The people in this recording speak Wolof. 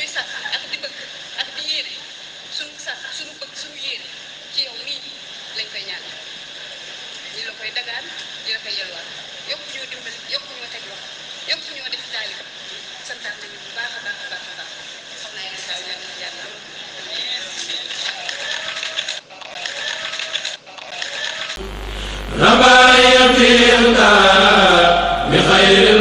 ñuy sax ak di bëgg ak di yéene suñu sax suñu bëgg suñu yéene ci yow mii lañ koy ñaan ñu la koy dagaan ñu la koy yalwaan yokk ñoo dimbali yokk ñoo teg loxo yokk ñoo def taali santaat nañu bu baax a baax a baax a baax xam naa yàlla saa ñaan yàlla ربا يغفر لك بخير